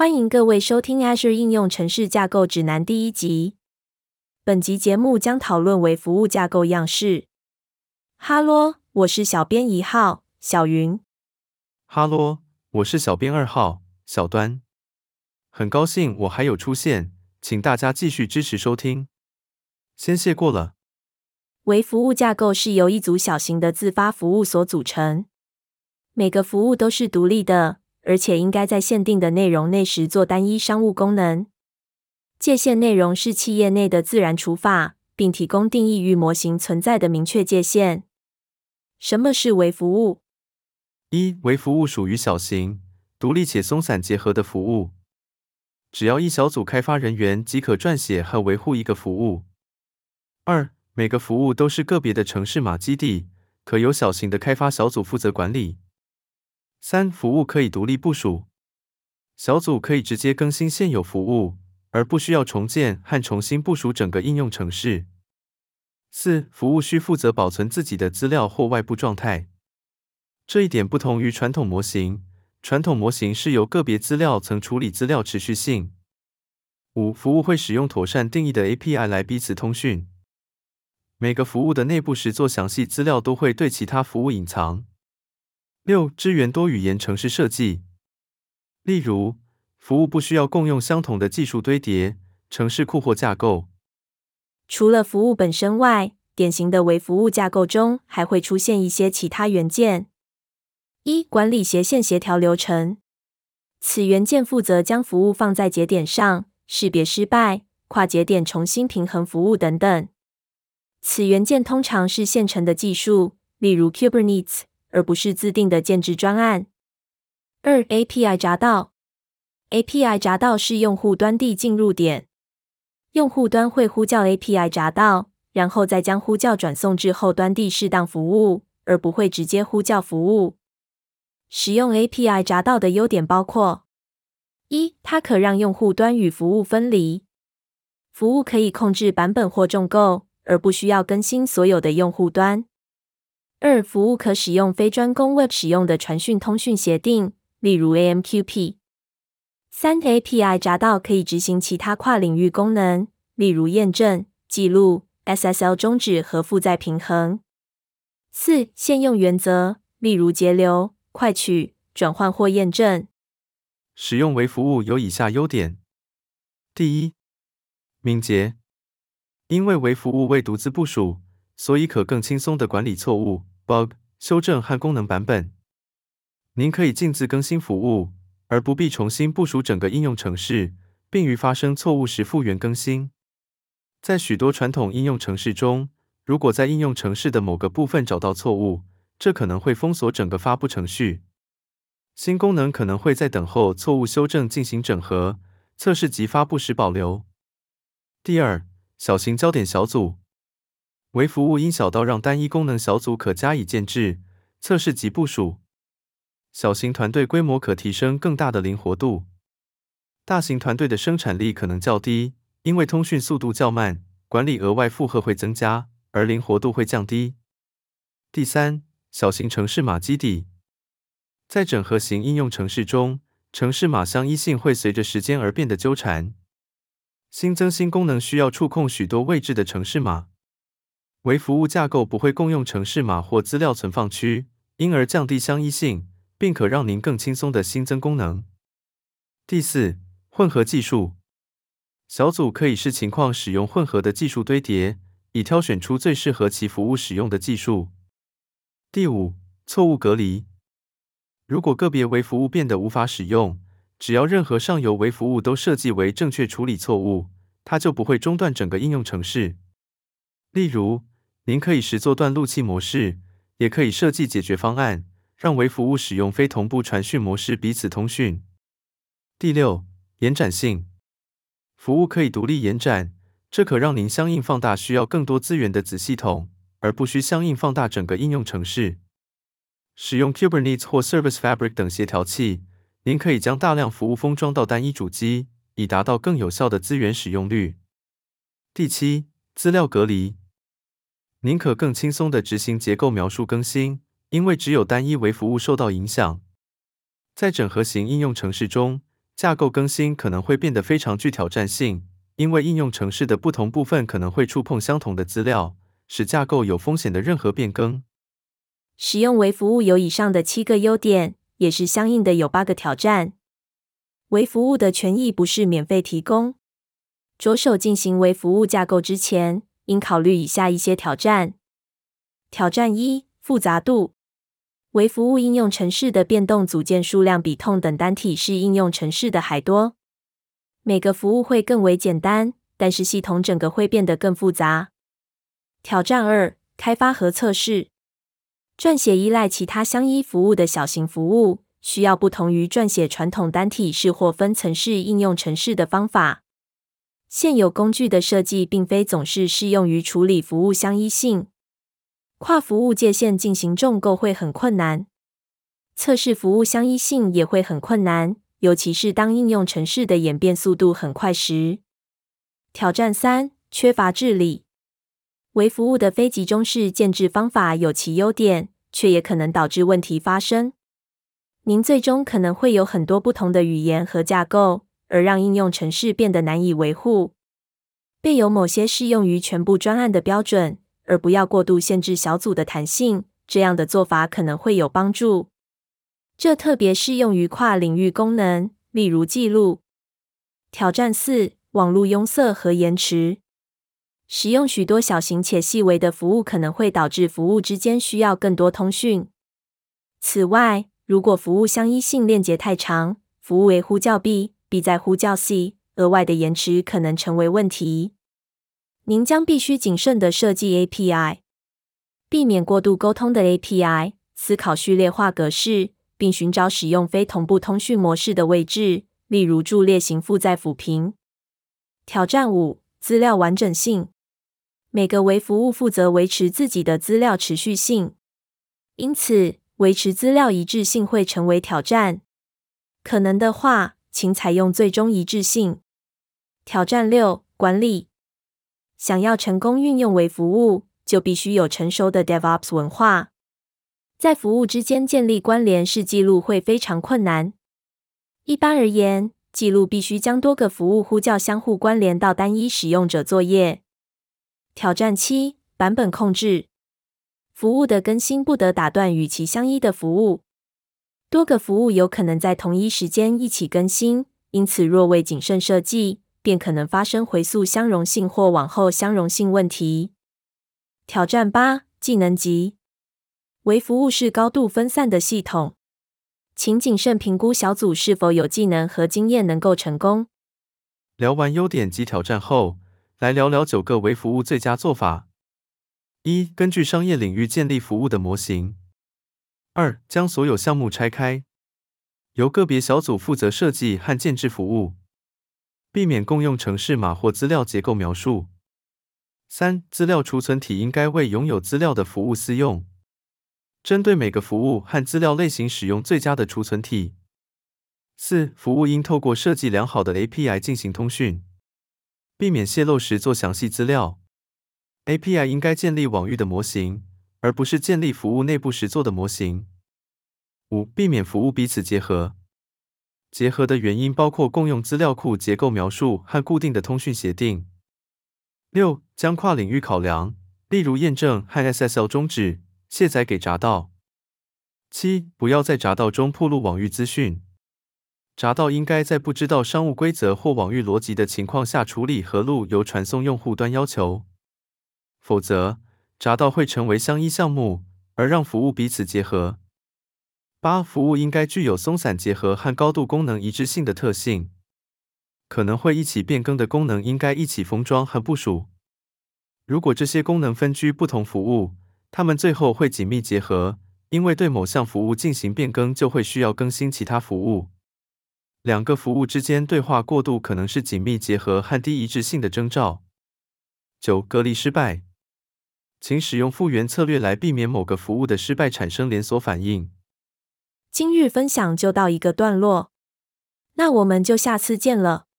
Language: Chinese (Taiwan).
歡迎各位收聽 Azure 應用程式架構指南第一集。本集節目將討論微服務架構樣式。哈嘍，我是小編一號小雲。哈嘍，我是小編二號小端。很高興我還有出現，請大家繼續支持收聽。先謝過了。微服務架構是由一組小型的自發服務所組成，每個服務都是獨立的。而且應該在限定的內容內時做單一商務功能。界限內容是企業內的自然除法，並提供定義域模型存在的明確界限。什麼是微服務？一、微服務屬於小型、獨立且鬆散結合的服務，只要一小組開發人員即可撰寫和維護一個服務。二、每個服務都是個別的城市碼基地，可由小型的開發小組負責管理。三、服務可以獨立部署，小組可以直接更新現有服務，而不需要重建和重新部署整個應用程式。四、服務需負責保存自己的資料或外部狀態，這一點不同於傳統模型。傳統模型是由個別資料層處理資料持續性。五、服務會使用妥善定義的 API 來彼此通訊，每個服務的內部實作詳細資料都會對其他服務隱藏。六、支援多語言程式設計。例如，服務不需要共用相同的技術堆疊、程式庫或架構。除了服務本身外，典型的微服務架構中還會出現一些其他元件。一、管理斜線協調流程。此元件負責將服務放在節點上、識別失敗、跨節點重新平衡服務等等。此元件通常是現成的技術，例如 Kubernetes。而不是自定的建制專案。二，API 閘道。API 閘道是用戶端的進入點，用戶端會呼叫 API 閘道，然後再將呼叫轉送至後端的適當服務，而不會直接呼叫服務。使用 API 閘道的優點包括：一，它可讓用戶端與服務分離，服務可以控制版本或重構，而不需要更新所有的用戶端。二，服務可使用非專攻 Web 使用的傳訊通訊協定，例如 AMQP。三 API 閘道可以執行其他跨領域功能，例如驗證、記錄、SSL 終止和負載平衡。四，現用原則，例如節流、快取、轉換或驗證。使用微服務有以下優點：第一，敏捷，因為微服務未獨自部署，所以可更輕鬆的管理錯誤。bug 修正和功能版本，您可以逕自更新服務，而不必重新部署整個應用程序，並於發生錯誤時復原更新。在許多傳統應用程式中，如果在應用程式的某個部分找到錯誤，這可能會封鎖整個發布程序。新功能可能會在等候錯誤修正進行整合測試及發布時保留。第二，小型焦點小組。微服務因小到讓單一功能小組可加以建置、測試及部署，小型團隊規模可提升更大的靈活度。大型團隊的生產力可能較低，因為通訊速度較慢，管理額外負荷會增加，而靈活度會降低。第三，小型程式碼基底。在整合型應用程式中，程式碼相依性會隨着時間而變得糾纏。新增新功能需要觸控許多位置的程式碼。微服務架構不會共用程式碼或資料存放區，因而降低相依性，並可讓您更輕鬆的新增功能。第四，混合技術小組可以視情況使用混合的技術堆疊，以挑選出最適合其服務使用的技術。第五，錯誤隔離。如果個別微服務變得無法使用，只要任何上游微服務都設計為正確處理錯誤，它就不會中斷整個應用程式。例如。您可以實做斷路器模式，也可以設計解決方案，讓微服務使用非同步傳訊模式彼此通訊。第六，延展性，服務可以獨立延展，這可讓您相應放大需要更多資源的子系統，而不需相應放大整個應用程式。使用 Kubernetes 或 Service Fabric 等協調器，您可以將大量服務封裝到單一主機，以達到更有效的資源使用率。第七，資料隔離。您可更輕鬆地執行結構描述更新，因為只有單一微服務，受到影響。在整合型應用程式中，架構更新可能會變得非常具挑戰性，因為應用程式的不同部分可能會觸碰相同的資料，使架構有風險的任何變更。使用微服務有以上的七個優點，也是相應的有八個挑戰。微服務的權益不是免費提供。着手進行微服務架構之前，應考慮以下一些挑戰：挑戰一，複雜度。微服務應用程式的變動組件數量比痛等單體式應用程式的還多。每個服務會更為簡單，但是系統整個會變得更複雜。挑戰二，開發和測試。撰寫依賴其他相依服務的小型服務，需要不同於撰寫傳統單體式或分層式應用程式的方法。現有工具的設計並非總是適用於處理服務相依性。跨服務界限進行重構會很困難，測試服務相依性也會很困難，尤其是當應用程式的演變速度很快時。挑戰三：缺乏治理。微服務的非集中式建制方法有其優點，卻也可能導致問題發生。您最終可能會有很多不同的語言和架構。而讓應用程式變得難以維護，備有某些適用於全部專案的標準，而不要過度限制小組的彈性，這樣的做法可能會有幫助。這特別適用於跨領域功能，例如記錄。挑戰四：網絡擁塞和延遲。使用許多小型且細微的服務可能會導致服務之間需要更多通訊。此外，如果服務相依性鏈接太長，服務維護較密。B 在呼叫 C 額外的延遲可能成為問題。您將必須謹慎地設計 API，避免過度溝通的 API，思考序列化格式，並尋找使用非同步通訊模式的位置，例如柱列型負載撫平。挑戰五：資料完整性。每個微服務負責維持自己的資料持續性，因此維持資料一致性會成為挑戰。可能的話。請採用最終一致性。挑戰六：管理。想要成功運用微服務，就必須有成熟的 DevOps 文化。在服務之間建立關聯式記錄會非常困難。一般而言，記錄必須將多個服務呼叫相互關聯到單一使用者作業。挑戰七：版本控制。服務的更新不得打斷與其相依的服務。多個服務有可能在同一時間一起更新，因此若未謹慎設計，便可能發生回溯相容性或往後相容性問題。挑戰八：技能級。微服務是高度分散的系統，請謹慎評估小組是否有技能和經驗能夠成功。聊完優點及挑戰後，來聊聊九個微服務最佳做法。一、根據商業領域建立服務的模型。二、將所有項目拆開，由個別小組負責設計和建置服務，避免共用程式碼或資料結構描述。三、資料儲存體應該為擁有資料的服務私用，針對每個服務和資料類型使用最佳的儲存體。四、服務應透過設計良好的 API 進行通訊，避免泄露時做詳細資料。API 應該建立網域的模型，而不是建立服務內部實作的模型。五、避免服務彼此結合，結合的原因包括共用資料庫結構描述和固定的通訊協定。六、將跨領域考量，例如驗證和 SSL 終止，卸載給閘道。七、不要在閘道中暴露網域資訊。閘道應該在不知道商務規則或網域邏輯的情況下處理和路由傳送用戶端要求，否則，閘道會成為相依項目，而讓服務彼此結合。八、服務應該具有鬆散結合和高度功能一致性的特性。可能會一起變更的功能應該一起封裝和部署。如果這些功能分居不同服務，它們最後會緊密結合，因為對某項服務進行變更就會需要更新其他服務。兩個服務之間對話過度可能是緊密結合和低一致性的徵兆。九、隔離失敗。請使用復原策略來避免某個服務的失敗產生連鎖反應。今日分享就到一個段落，那我們就下次見了。